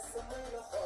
sa muy loxo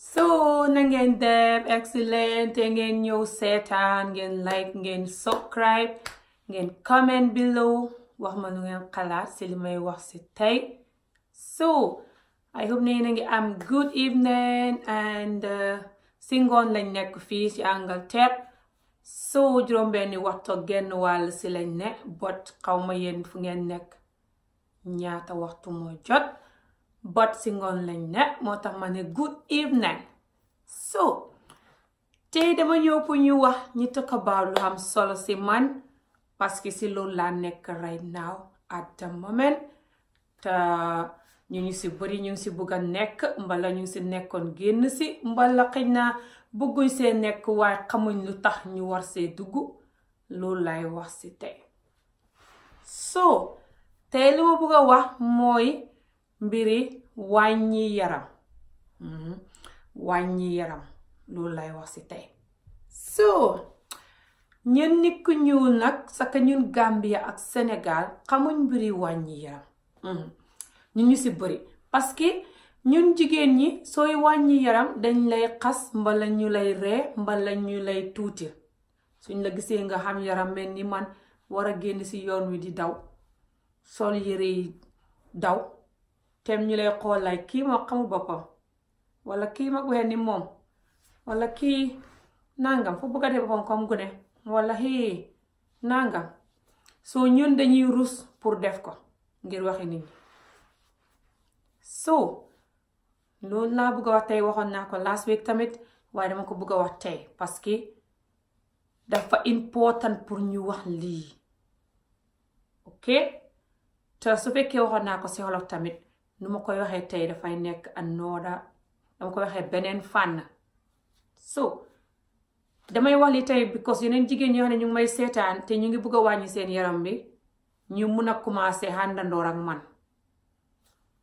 so na ngeen def excellent te ngeen ñëw seetaan ngeen like ngeen subscribe ngeen comment below wax ma nu ngeen xalaat si li may wax si tey so I hope ne na ngi am good evening and si uh, ngoon lañ nekk fii si Angleterre so juróom benni waxtu genn wàll si lañ ne bot xaw ma yéen fu ngeen nekk ñaata waxtu moo jot bot si ngoon lañ ne moo tax ma ne good evening so tey dama ñëw ñu wax ñi tokka lu am solo si man parce que si loolu laa nekk right now at the moment te ñu ñu si bëri ñu ngi si bëgg a nekk mbala ñu si nekkoon génn si mbala xëy na bëgguñ see nekk waaye xamuñ lu tax ñu war see dugg loolu lay wax si tey so tey li ma bëgg a wax mooy mbiri wàññi yaram mhm. wàññi yaram loolu lay wax ci tey so ñun nit ñuul nag saka ñun Gambia ak Sénégal xamuñ mbiri wàññi yaram mhm. ñu ñu si bëri parce que ñun jigéen ñi sooy wàññi yaram dañ lay xas mbala ñu lay ree mbala ñu lay tuuti suñ la gisee nga xam yaram mel ni man war a génn ci yoon wi di daw sol yére yi daw tem ñu lay xool like kii moo xamul boppam wala kii mag ni moom walla kii nangam fu bëgg a def boppam comme gune wala hii nangam soo ñun dañuy ruus pour def ko ngir waxi nit ñi so loolu laa bëgg wax tey waxoon naa ko last week tamit waaye dama ko bëgg a wax tey parce que dafa important pour ñu wax lii ok te su fekkee waxoon naa ko si tamit nu ma koy waxee tey dafay nekk nooda dama ko waxee beneen fànn so damay wax li tey because yeneen jigéen ñoo ne ñu may seetaan te ñu ngi bëgg a wàññi seen yaram bi ñu mun a commencé àndandoor ak man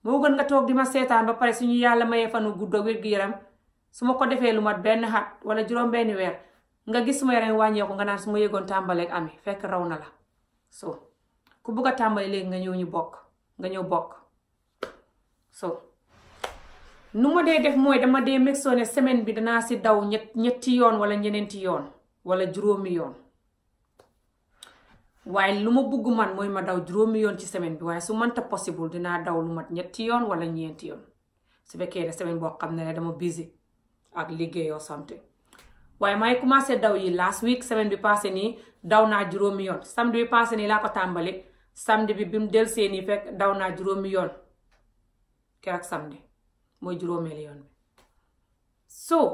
moo gën nga toog di ma seetaan ba pare suñu yàlla mayee fanu gudd ak wér yaram su ma ko defee lu mat benn xat wala juróom benn weer nga gis suma yaram wàññeeku nga naan su ma yëgoon tàmbaleeg ami fekk raw na la so ku bëgg a tàmbali léegi nga ñëw ñu bokk nga ñëw bokk so nu ma dee def mooy dama dee meg soo ne semaine bi danaa si daw ñett ñetti yoon wala ñeneenti yoon wala juróomi yoon waaye lu ma bugg man mooy ma daw juróomi yoon ci semaine bi waaye su mënta possible dinaa daw lu mat ñetti yoon wala ñeenti yoon su fekkee ne semaine boo xam ne dama busy ak liggéeyoo something waaye may commencé daw yi last week semaine bi passé nii daw naa juróomi yoon bi passé nii laa tàmbali samedi bi bi mu del see nii daw naa juróomi yoon keroog samedi mooy yoon bi soo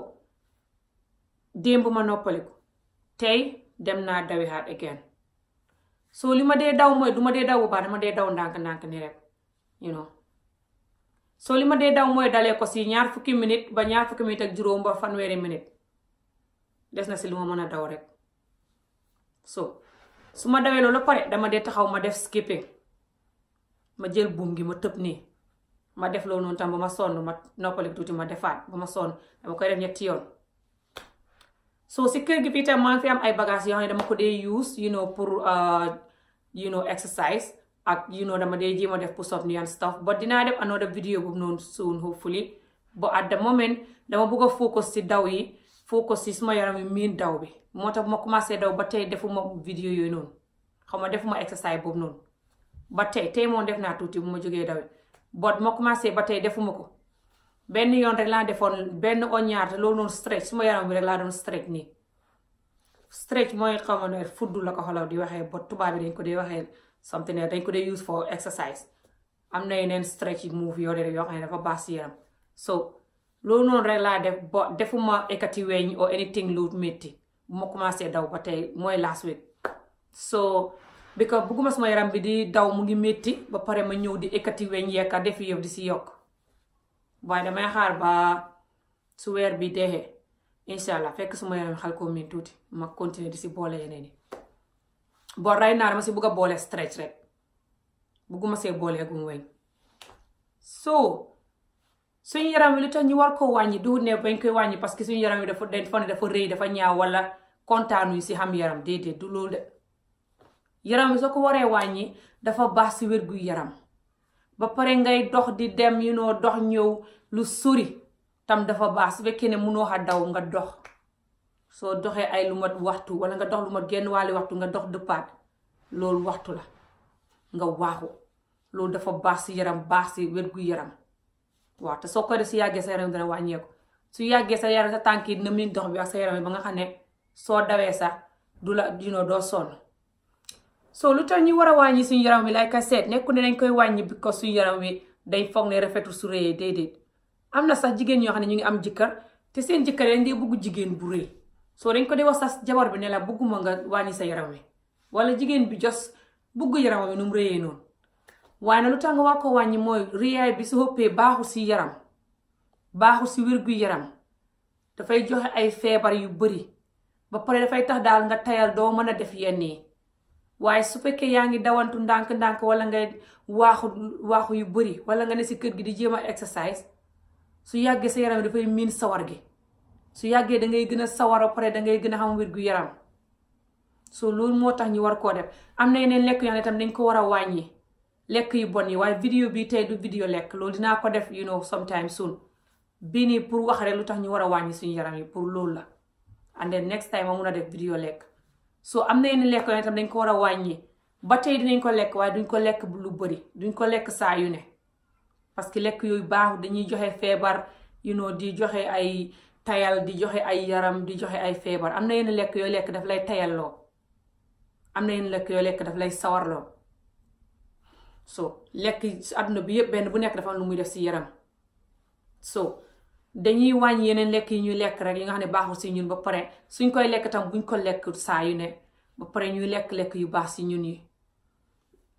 démb ma noppaliku tey dem naa soo li ma dee daw mooy du ma dee daw bu baax dama dee daw ndànk-ndànk ni rek li ma dee daw mooy dalee ko si ñaar fukki minute ba ñaar fukki minute ak juróom ba fanweeri minute des na si lu ma mën a daw rek so su ma dawee loolu pare dama dee taxaw ma def skipping ma jël buum gi ma tëb nii ma def loolu noonu tam ba ma sonn ma noppalik tuuti ma defaat ba ma sonn dama koy def ñetti yoon so si kër gi fii tam maa ngi fi am ay bagages yoo xam ko dee use you pour uh, you know ak you dama dee jéem a def push up nii and stuff but dinaa def another video boobu noonu soon hopefully but at dama bëgg a focus si daw yi focus si suma yaram yi miin daw bi moo tax ma commencé daw ba tey defuma video yooyu noonu xam ma defuma exercise boobu noonu ba tey tey moom def naa tuuti bu ma jógee daw boot ma commencé ba tey defuma ko benn yoon rek laa defoon benn oññaar te loolu noonu stretch suma yaram laa doon stretch nii stretch mooy xaw ma la ko xalaw di waxee boot tubaab bi dañ ko dee waxee something dañ ko dee use for am na yeneen stretch move yoo de ne dafa baax si so loolu noonu laa def bo defuma ekati weñ or anything lu métti ma commencé daw ba tey mooy last week bi bëgguma sama yaram bi di daw mu ngi métti ba pare ma ñëw di ekkati weñ yekka def yëf di si yokk waaye damay xaar ba su weer bi deexee incha allah fekk sama yaram xal ko tuuti ma continuer di si boole yeneen yi bon ray naa dama si bëgg a boole rek bëgguma see boole gum weñ so suñu yaram wi lu tax ñu war ko wàññi du ne bañ koy wàññi parce que suñ yaram wi dafa dafa rëy dafa ñaaw wala kontaanu si xam yaram déedéet du loolu de yaram bi soo ko waree wàññi dafa baax si wér gu yaram ba pare ngay dox di dem you know dox ñëw lu sori tam dafa baax su fekkee ne mënoo xa daw nga dox soo doxee ay lu mat waxtu wala nga dox lu mat genn waali waxtu nga dox dëppaat loolu waxtu la nga waaxu loolu dafa baax si yaram baax si wér gu yaram waaw te soo ko def si yàggee sa yaram dana wàññeeku su yàggee sa yaram sa tànk yi dina mun dox bi ak sa yaram ba nga xam ne soo dawee sax du la you doo sonn. soo lu tax ñu war a wàññi suñ yaram wi like I said nekku ne dañ koy wàññi because suñu yaram wi day foog ne rafetul su rëyee déedéet am na sax jigéen ñoo xam ne ñu ngi am jëkkër te seen jëkkër dañ dee bëgg jigéen bu rëy soo dañ ko dee wax sax jabar bi ne la bëgguma nga wàññi sa yaram wi wala jigéen bi jos bëgg yaram wi nu mu rëyee noonu waaye nag lu tax nga war ko wàññi mooy rëyaay bi su ëppee baaxul si yaram baaxul si wér-gu yaram dafay joxe ay feebar yu bëri ba pare dafay tax daal nga tayal doo mën a def yenn yi waaye su fekkee yaa ngi dawantu ndànk-ndànk wala nga waaxu waaxu yu bëri wala nga ne si kër gi di jéem a exercise su yàggee sa yaram dafay miin sawar gi su yàggee da ngay gën a sawar a pare da ngay gën a xam wér gu yaram so loolu moo tax ñu war koo def am na yeneen lekk yoo xam dañ ko war a wàññi lekk yu bon yi waaye vidéo bi tey du vidéo lekk loolu dinaa ko def you know sometime soon bii nii pour wax rek lu tax ñu war a wàññi suñu yaram yi pour loolu la and then next time ma mun a def vidéo lekk. soo am na yenn lekk yoo tam dañ ko war a wàññi ba tey dinañ ko lekk waaye duñ ko lekk lu bari duñ ko lekk saa yu ne parce que lekk yooyu baaxul dañuy joxe feebar you know di joxe ay tayal di joxe ay yaram di joxe ay feebar am na yenn lekk yooyu lekk daf lay tayalloo am na yenn lekk yooyu lekk daf lay sawarloo so lekk àdduna bi yëpp benn bu nekk dafa am lu muy def si yaram so dañuy wàññi yeneen lekk yi ñuy lekk rek yi nga xam ne baaxul si ñun ba pare suñ koy lekk tam buñ koo lekk saa yu ne ba pare ñuy lekk-lekk yu baax si ñun yi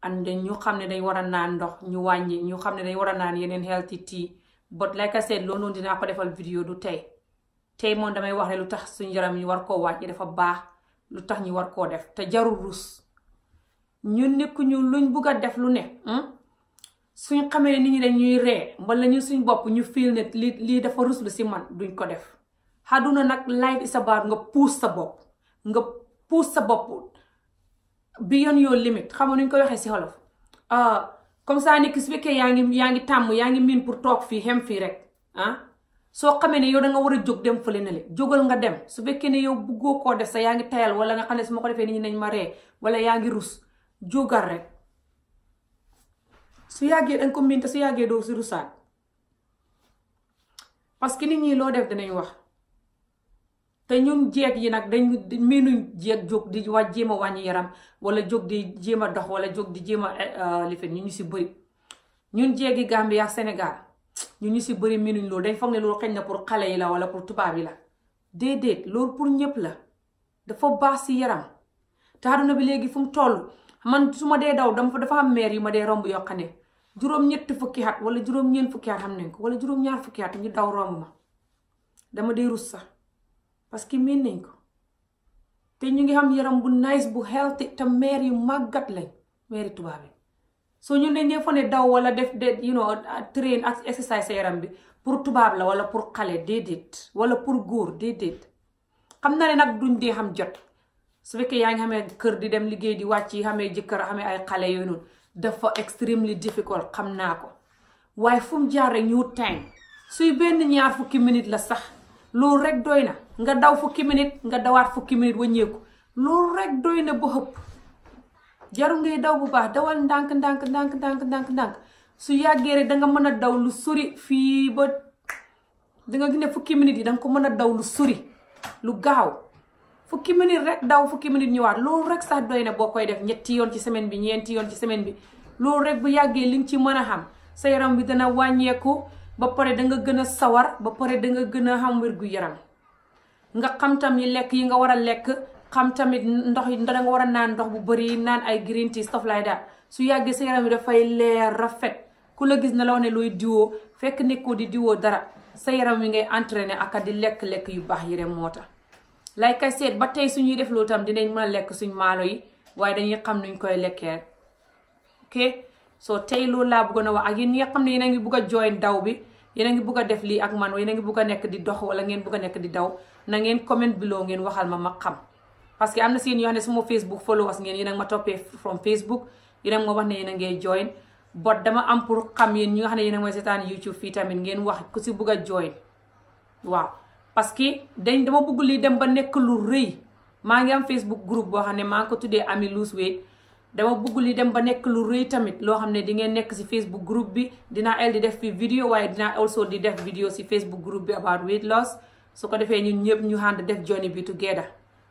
and ñu xam ne dañ war a naan ndox ñu wàññi ñu xam ne dañ war a naan yeneen healthy tea but like I said loolu dinaa ko defal vidéo du tey tey moom damay wax lu tax suñ yaram yi war koo wàññi dafa baax lu tax ñu war koo def te jarul rus ñun nekk ñu luñ bugg a def lu ne hmm? suñ xamee nit ñi dañuy ree wala ñu suñ bopp ñu fiil ne li lii dafa ruslu si man duñ ko def xaduna nag life sa baar nga puus sa bopp nga puus sa bopp beyond your limit xam nuñ ko waxee si xolof ah, comme saa ni ki su fekkee yaa ngi yaa ngi tàmm yaa ngi miin pour toog fii xem fii rek ah soo xamee ne yow da nga war a jóg dem fële na le jógal nga dem su fekkee ne yow buggoo koo def sa yaa ngi tayal wala nga xam ne su ma ko defee nit ñi nañ ma ree wala yaa ngi ruus jógal su yàggee danga ko miin te su yàggee doo si rusaat parce que nit ñi loo def dinañ wax te ñun jeeg yi nag dañ miinuñ jeeg jóg di wa jéem wàññi yaram wala jóg di jéem a dox wala jóg di jéem a eh, euh, lifin ñu ñu si bëri ñun jeegi Gambia Sénégal ñu ñu si bëri miinuñ loolu dañ foog ne loolu xëy na pour xale yi la wala pour tubaab yi la déedéet loolu pour ñëpp la dafa baax si yaram te na bi léegi fu mu toll man su ma dee daw dama dafa am meer yu ma dee romb yoo ne juróom-ñetti fukki at wala juróom-ñeent fukki at xam nañ ko wala juróom-ñaar fukki at ñu daw romb ma dama dee rus sax parce que miin nañ ko te ñu ngi xam yaram bu nice bu healthy te meer yu màggat lañ meeri tubaab yi soo ñu ne ñee fa ne daw wala def de you know train ak exercise sa yaram bi pour tubaab la wala pour xale déedéet wala pour góor déedéet xam na ne nag duñ dee xam jot su fekkee yaa ngi xamee kër di dem liggéey di wàcc yi xamee jëkkër xamee ay xale yooyu noonu dafa extremely difficult xam naa ko waaye fu mu jaar rek ñu suy benn ñaar fukki minute la sax loolu rek doy na nga daw fukki minute nga dawaat fukki minute wàññeeku loolu rek doy na ba xëpp jaru ngay daw bu baax dawal ndànk ndànk ndànk ndànk ndànk ndànk su yàggee rek da nga mën a daw lu suri fii ba da nga gis ne fukki minute yi danga ko mën a daw lu suri lu gaaw. fukki minute rek daw fukki minute ñëwaat loolu rek sax doy na boo koy def ñetti yoon ci semaine bi ñeenti yoon ci semaine bi loolu rek bu yàggee li nga ci mën a xam sa yaram bi dana wàññeeku ba pare da nga gën a sawar ba pare da nga gën a xam wérgu yaram nga xam tam yi lekk yi nga war a lekk xam tamit ndox yi da war a naan ndox bu bëri naan ay green tea stuff like that su yàggee sa yaram bi dafay leer rafet ku la gis na la wax ne looy diwoo fekk nekkoo di diwoo dara sa yaram wi ngay entraîné ak di lekk-lekk yu baax yi rek moo tax lay kay seet ba tey suñuy def loo tam dinañ mën a lekk suñ maalo yi waaye dañuy xam nuñ koy lekkee ok soo tey loolu laa bëggoon a wax ak yéen ñi nga xam ne yéen a ngi bugg a daw bi yéen a ngi ak man yéen a ngi a nekk di dox wala ngeen bugg a nekk di daw na ngeen comment below ngeen waxal ma ma xam parce que am na seen yoo xam ne suma Facebook followers ngeen yéen a ma toppee from Facebook yéen a ma wax ne yéen a ngay join dama am pour xam yéen ñi nga xam ne yéen mooy seetaan YouTube fii tamit ngeen wax ku si bugg a join waaw parce que dañ dama bëgg li dem ba nekk lu rëy maa ngi am Facebook group boo xam ne maa ngi ko tuddee Amie Lose Weight dama bëgg li dem ba nekk lu rëy tamit loo xam ne di ngeen nekk si Facebook group bi dinaa el def fi vidéo waaye dinaa also di def vidéo si Facebook groupe bi about weight loss su ko defee ñun ñëpp ñu ànd def journey bi together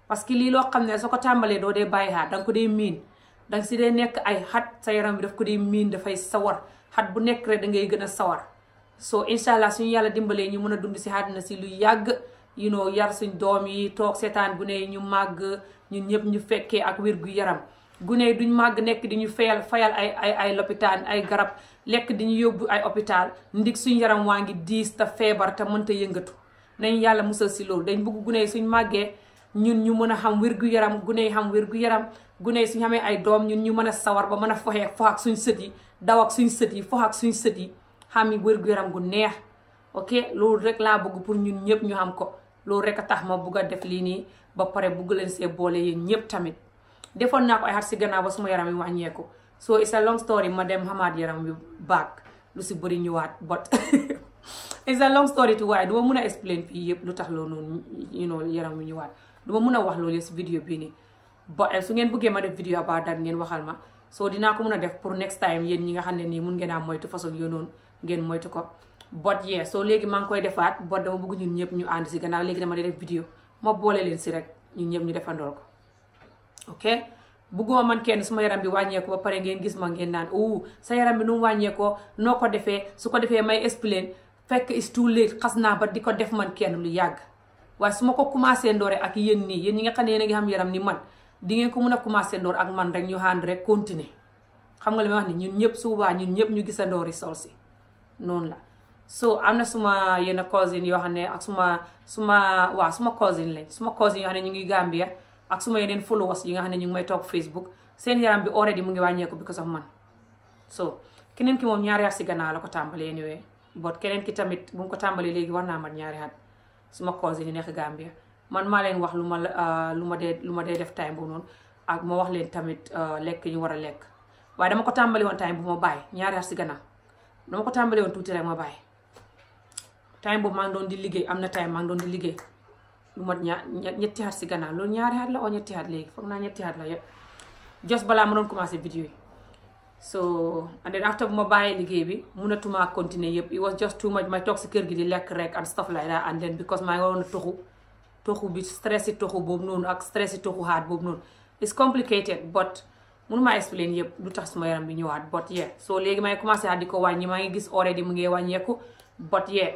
parce que lii loo xam ne soo ko tàmbalee doo dee bàyyi xaat danga ko dee miin danga si dee nekk ay xat sa yaram bi daf ko dee miin dafay sawar xat bu nekk rek da ngay gën a sawar soo incha allah suñu yàlla dimbalee ñu mën a dund si àddina si lu yàgg you know yar suñ doom yi toog seetaan gune yi ñu màgg ñun ñëpp ñu fekkee ak wér gu yaram gune yi duñ màgg nekk di fayal fayal ay ay ay lopitaan ay garab lekk di yóbbu ay hôpital ndig suñ yaram waa ngi diis te feebar te mënta yëngatu nañ yàlla musal si loolu dañ bëgg gune suñ màggee ñun ñu mën a xam wér gu yaram gune yi xam wér yaram gune yi suñ xamee ay doom ñun ñu mën a sawar ba mën a foxee fox ak suñ sët yi daw ak suñ sët yi fox ak suñ sët yi xam wér gu gu neex ok loolu rek laa bëgg pour ñun ñëpp ñu xam ko loolu rek a tax ma bugg a def lii nii ba pare bugg leen see boole yéen ñëpp tamit defoon naa ko gannaaw ba suma yaram yi wàññeeku so it's a long ma dem xamaat yaram yu baag lu si bëri ñëwaat but it's a long story tu mun a explain fii yëpp lu tax loolu noonu you know yaram yu ñëwaat duma mun a wax loolu yëpp si vidéo bii nii but eh, su ngeen bëggee ma def vidéo about that ngeen waxal ma so dinaa ko mun a def pour next time yéen ñi nga xam ne nii mun ngeen a moytu façon yooyu ngeen moytu ko bot yee soo léegi maa ngi koy defaat bot dama bëgg ñun ñëpp ñu ànd si gannaaw léegi dama di def vidéo ma boole leen si rek ñun ñëpp ñu defandoor ko ok bëgguma man kenn su suma yaram bi wàññeekoo ba pare ngeen gis ma ngeen naan o sa yaram bi wàññeekoo noo ko defee su ko defee may explain fekk is too xas naa ba di ko def man kenn lu yàgg waaye su ma ko commencé ndoore ak yéen nii yéen ñi nga xam ne yéen a ngi xam yaram ni man di ngeen ko mun a commencé ndoor ak man rek ñu ànd rek continuer xam nga li ma wax ni ñun ñëpp su boobaa ñëpp ñu gis a ndoori sol noonu la so am na suma yenn cousin yoo xam ne ak suma suma waaw suma cousin lañ suma cousin yoo xam ne ñu ngi Gambia ak suma yeneen followers yi nga xam ne ñu ngi may toog Facebook seen yaram bi already mu ngi wàññeeku ko of man so keneen ki moom ñaari at si gannaaw la ko tàmbalee anyway but keneen ki tamit bu mu ko tàmbalee léegi war naa mat ñaari at suma cousin yi nekk Gambia man maa leen wax lu ma ah, lu ma dee lu ma dee def time bu noonu ak moo wax leen tamit ah, lekk ñu war a lekk waaye dama ko tàmbali woon time bu ma bàyyi ñaari at si gannaaw dama ko tàmbalee woon tuuti rek ma bàyyi time boobu maa doon di liggéey am na time maa doon di liggéey lu mat ñaar ñetti at si gannaaw loolu ñaari at la oo ñetti at léegi foog naa ñetti la yëpp jos balaa ma doon commencé vidéo yi so and then after bu ma bàyyi liggéey bi mënatuma continuer yëpp it was just too much may toog si kër gi di lekk rek and stuff like that and then because maa ngi waroon a toxu toxu bi stress si toxu boobu noonu ak stress si toxu xaat boobu noonu mun maa expliqué yëpp lu tax suma yaram bi ñëwaat bot yee soo léegi may commencé at di wàññi maa ngi gis already mu ngi wàññeeku bot yee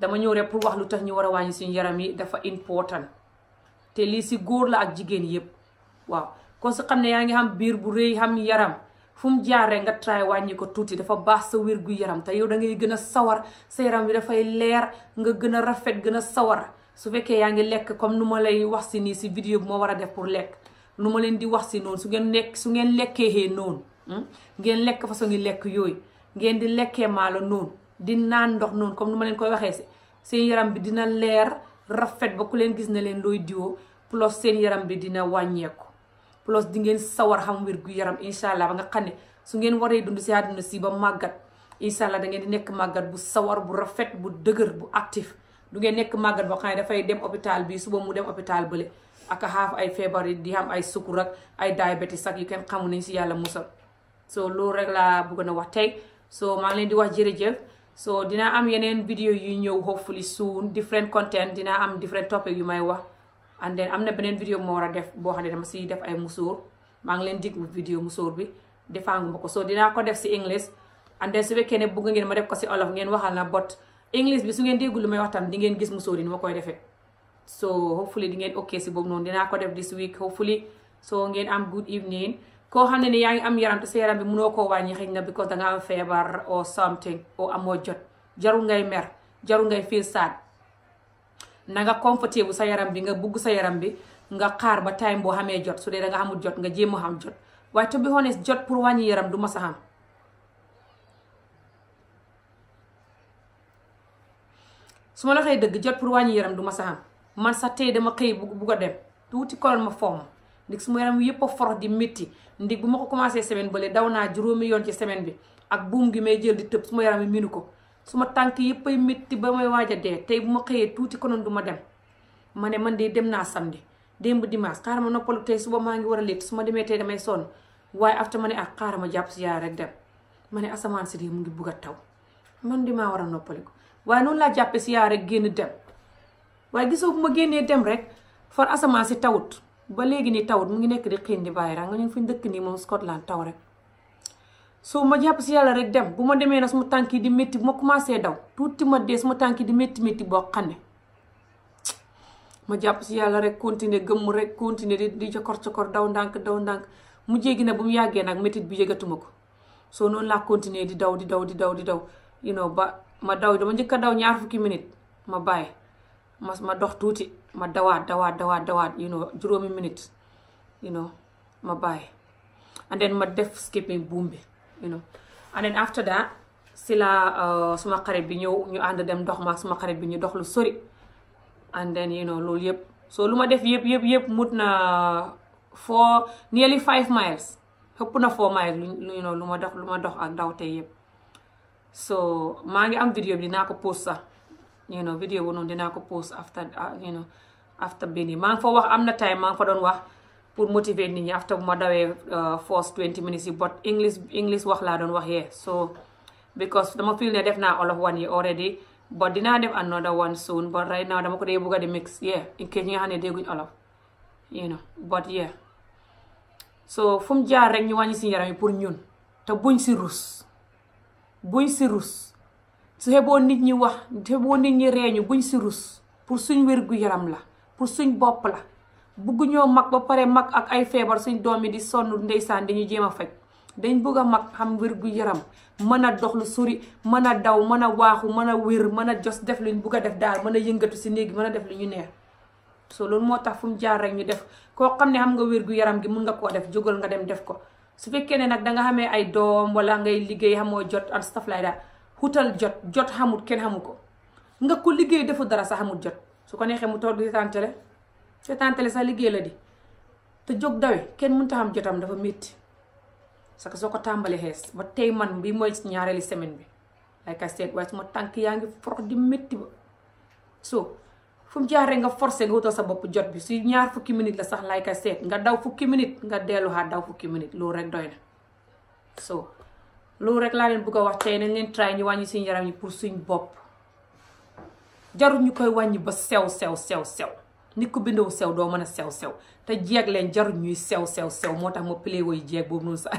dama ñëw rek pour wax lu tax ñu war a wàññi suñu yaram yi dafa important te lii si góor la ak jigéen yëpp waaw kon xam ne yaa ngi xam biir bu rëy xam yaram fu mu jaar nga try wàññi ko tuuti dafa baax sa wér gu yaram te yow da ngay gën a sawar sa yaram bi dafay leer nga gën a rafet gën a sawar su fekkee yaa ngi lekk comme nu ma lay wax si nii si vidéo bi moo war a def pour lekk nu ma leen di wax si noonu su ngeen lekk su ngeen lekkee noonu hmm? ngeen lekk façon ngi lekk yooyu ngeen di lekkee maalo noonu di naan ndox noonu comme nu ma leen koy waxee si seen yaram bi dina leer rafet ba ku leen gis ne leen looy diwoo plus seen yaram bi dina wàññeeku plus di ngeen sawar xam wér gu yaram incha allah ba nga xam ne su ngeen waree dund si àdduna si ba màggat incha allah da ngeen di nekk màggat bu sawar bu rafet bu dëgër bu actif du ngeen nekk màggat boo xam ne dafay dem hôpital bi suba mu dem hôpital bële ak a xaaf ay feebar yi di am ay sukkur ak ay diabetes ak yu kenn xamu nañu si yàlla musal so loolu rek laa bëgg na wax tey soo maa ngi leen di wax jërëjëf so dinaa am yeneen vidéo yu ñëw hopefully soon different content dinaa am different topic yu may wax and then am na beneen vidéo moo war a def boo xam ne dama si def ay musóor maa ngi leen dig vidéo musóor bi defaanguma ko so dinaa ko def si english and then su fekkee ne bëgg ngeen ma def ko si olof ngeen waxal na bot english bi su ngeen déggu lu may wax tam di ngeen gis musóor yi ma koy defee so hopefully di ngeen ok si boobu noonu dinaa ko def this week hopefully so ngeen am good evening koo xam ne ne yaa ngi am yaram te sa yaram bi mënoo koo wàññi xëy na because da nga am feebar or something or amoo jot jarul ngay mer jarul ngay feel sad na nga comfortable sa yaram bi nga bugg sa yaram bi nga xaar ba time boo xamee jot su dee da nga jot nga jéem a xam jot waaye to be jot pour wàññi yaram du ma sa xam dëgg jot pour wàññi yaram du ma sa man sax tey dama xëy bu bugg a dem tuuti kolon ma fomm ndig su ma yaram yëpp a forox di métti ndi bu ma ko commencé semaine bële daw naa juróomi yoon ci semaine bi ak buum gi may jël di tëb suma ma yaram yi minu ko su ma tànk yëpp ay métti ba may waaj a dee tey bu ma xëyee tuuti konoon du ma dem ma ne man de dem naa samedi démb dimanche xaaral ma noppalu tey suba maa ngi war a létt su ma demee tey damay sonn waaye afta ma ne ak ah, xaaral ma jàpp si yaay rek dem ma ne asamaan si de mu ngi bugg a taw man di maa war a noppaliku waaye noonu laa jàppee si yaay génn dem. waaye gisoo bu ma génnee dem rek far asamaan si tawut ba léegi nii tawut mu ngi nekk di xiin di bàyyi ra nga ñun fuñ dëkk nii moom Scotland taw rek soo ma jàpp si yàlla rek dem bu ma demee nag suma tànk yi di métti bu ma commencé daw tuuti ma dee suma tànk di métti métti boo xam ne ma jàpp si yàlla rek continuer gëmm rek continuer di di jokor jokor daw ndànk daw ndànk mu jéggi na bu mu yàggee nag métit bu yëgatuma ko soo noonu laa continuer di daw di daw di daw di daw you ba ma daw dama njëkk a daw ñaar fukki minit ma bàyyi ma dox tuuti ma dawaat dawaat dawaat dawaat you know juróomi minute you ma bàyyi and then ma def skipping buum bi you know and then after that si la uh, suma xarit bi ñëw ñu ànd dem dox maak suma xarit bi ñu dox lu sori and then you know loolu yëpp so lu ma def yëpp yëpp yëpp mut na four nearly five miles xëpp na four miles lu you lu ma dox lu ma dox ak ndaw tey yëpp so maa ngi am vidéo dinaa ko post sax you know vidéo noonu dinaa ko post after uh, you know maa ngi fa wax am na time maa ngi fa doon wax pour motiver nit ñi after bu ma dawee uh, force 20 minutes yi but english english wax laa doon wax yee so because dama feel ne def naa all wan one yi already but dinaa def another one soon but right now dama ko dee bëgg di mix yeah in case ñi nga xam ne dégguñ olof you know but jaar rek ñu wàññi si yaram yi pour ñun te buñ si rus buñ si rus su xeboo nit ñi wax xeboo nit ñi reeñu buñ si rus pour suñ wér-gu-yaram la pour suñ bopp la bugguñoo mag ba pare mag ak ay feebar suñ doom yi di sonn ndeysaan ñu jéem a faj dañ bëgg a mag xam wér-gu-yaram mën a dox lu sori mën a daw mën a waaxu mën a wér mën a jos def luñ bugg a def daal mën a yëngatu si néegi mën a def lu ñu neex so moo tax fu mu jaar rek ñu def koo xam ne xam nga wér-gu-yaram gi mun nga koo def jógal nga dem def ko su fekkee ne nag danga xamee ay doom wala ngay liggéey xamoo jot and stuff daal xutal jot jot xamut kenn xamu ko nga ko liggéey defu dara sax xamut jot su ko neexee mu toog di seetaan télé seetaan sax liggéey la di te jóg dawe kenn mun a xam jotam dafa métti parce que soo ko tàmbalee xees ba tey man bi mooy ñaareeli semaine bi like I said waaye tànk yaa ngi forox di métti ba so fu jaaree nga forcé nga wutal sa bopp jot bi su ñaar fukki minute la sax like I nga daw fukki minute nga delluwaat daw fukki minute loolu rek doy na so loolu rek laa leen bëgg a wax tey nañ leen try ñu wàññi suñu yaram yi pour suñ bopp jarul ñu koy wàññi ba sew sew sew sew nit ko bindoo sew doo man a sew sew te jeeg leen jarul ñuy sew sew sew moo tax ma play woy jeeg boobu noonu sax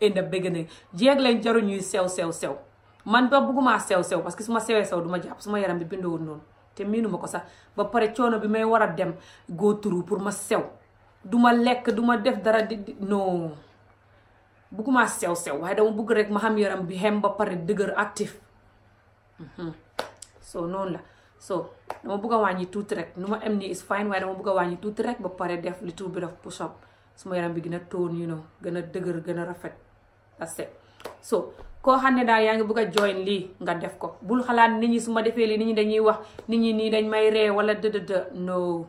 indi bëgg na jeeg leen jarul ñuy sew sew sew man ba bëgguma sew sew parce que suma sewee sew du ma jàpp su ma yaram bi bindoo noonu te miinu ko sax ba pare coono bi may war a dem góoturu pour ma sew du ma lekk du ma def dara di non. bugguma sew sew waaye dama bugg rek ma xam yaram bi xem ba pare dëgër actif mhm. so noonu la so dama bugg a wàññi tuuti rek nu ma am nii is fine waaye tuuti rek ba pare def li tuuti bi def push su ma yaram bi gën a tóon you know gën a dëgër gën a rafet that's it so koo xam ne daal yaa ngi bëgg a join lii nga def ko bul xalaat nit ñi su ma defee lii nit ñi dañuy wax nit ñi nii dañ may ree walla dëdëdë no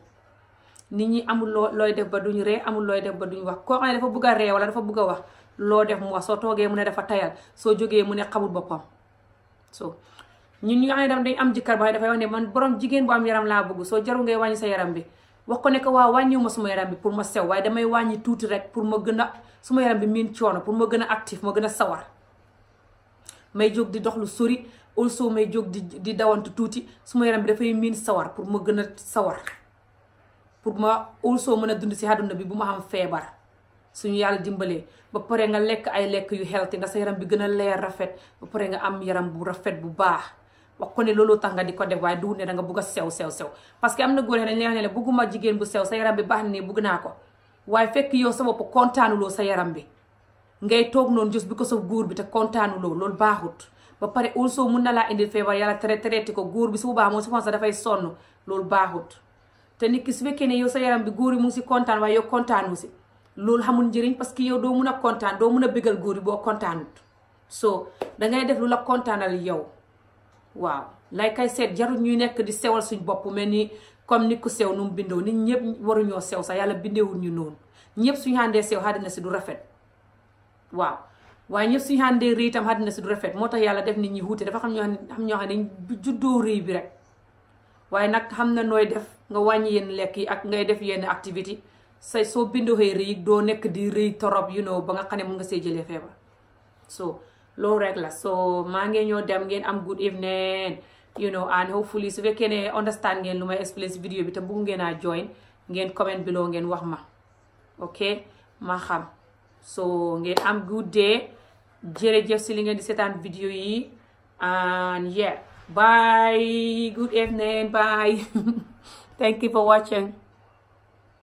nit ñi amul loo looy def ba duñ ree amul looy def ba duñ wax koo xam ne dafa bugg a ree wala dafa bugg a wax loo def mu wax soo toogee mu ne dafa tayal soo jógee mu ne xamul boppam so ñun ñi nga xam ne dam am jëkkër ba dafay wax ne man borom jigéen bu am yaram laa bëgg soo jaru ngay wàññi sa yaram bi wax ne ko waaw wàññiwu ma suma yaram bi pour ma sew waaye damay tuuti rek pour ma gën a suma yaram bi miin coono pour ma gën a active ma gën a sawar may jóg di dox lu sori also may jóg di di dawantu tuuti suma yaram bi dafay miin sawar pour ma gën a sawar pour ma soo mën a dund si àdduna bi bu ma xam feebar suñu yàlla dimbalee ba pare nga lekk ay lekk yu healthy nga sa yaram bi gën a leer rafet ba pare nga am yaram bu rafet bu baax wax ko ne looloo tax nga di ko def waaye du ne da nga bugg a sew sew sew parce que am na góor dañ ne la jigéen bu sew sa yaram bi ne bugg naa ko fekk yow sa bopp kontaanuloo sa yaram bi ngay toog noonu just bi ko sa góor bi te kontaanuloo loolu baaxut ba pare also mun na laa indi feebar yàlla traité ko góor bi su boobaa moom si dafay sonn loolu baaxut te nit ki su fekkee ne yow sa yaram bi góori mu si kontaan waaye yow kontaanu si loolu xamul njëriñ parce que yow doo mun a kontaan doo mun a bégal góor yi boo kontaanut so dangay def lu la kontaanal yow waaw lay kay seet jarul ñuy nekk di sewal suñ bopp mel ni comme ni ku sew nu mu bindoo nit ñëpp waruñoo sew sax yàlla bindeewul ñu noonu ñëpp suñu àndee sew àddina si du rafet waaw waaye ñëpp suñu àndee tam itam àddina si du rafet moo tax yàlla def nit ñi wuute dafa xam ñoo xam ne ñoo xam ne dañ bi rek waaye nag xam na nooy def nga wàññi yenn lekk yi ak ngay def yenn activité say soo bindoxee rëy doo nekk di rëy trop you know ba nga xam ne mun nga see jëlee feebar so loolu rek la so maa ngee ñoo dem ngeen am good evening you know and hopefully su fekkee ne understand ngeen lu may explain si vidéo bi te bugg ngeen a join ngeen comment below ngeen wax ma ok ma xam soo ngeen am good day jërëjëf si li ngeen di seetaan vidéo yi and yeah Bye. Good evening. Bye. Thank you for watching.